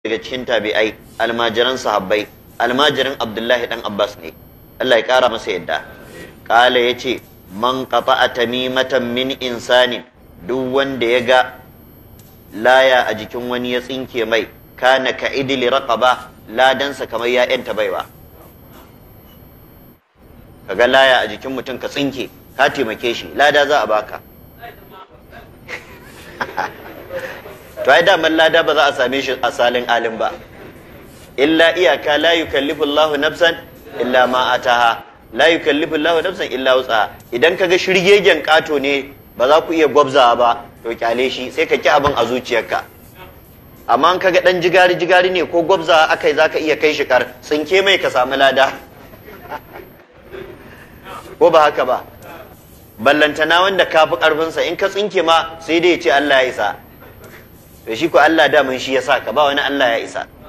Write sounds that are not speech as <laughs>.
daga cikin tabi'ai almajiran sahabbai almajirin abdullahi dan abbas ne allah ya kara masa yadda kala ya ce man qata'a tamimatan min insanin duk wanda ya ga laya a jikin wani ya tsinke mai kana ka idili raqaba ladansa kamar ya yanta baiwa kaga laya a jikin mutum ka tsinke ka taimake shi lada za a baka <laughs> to ai daman lada ba za a same shi asalin alim ba illa iyaka la yukallifu Allahu nafsan illa ma ataha la yukallifu Allahu nafsan illa wusa idan kaga shirgegen kato ne ba za ku iya gwabzawa ba to kyale shi sai ka ki abin a zuciyarka amma an kaga dan jigari jigari ne ko gwabza akai zaka iya kai shi kar ke mai ka samu lada ko ba haka ba ballantana wanda ka fi karfinsa in ka tsinke ma sai dai ya ce Allah ya isa to shi ko Allah mun shi ya sa ka ba wani Allah ya isa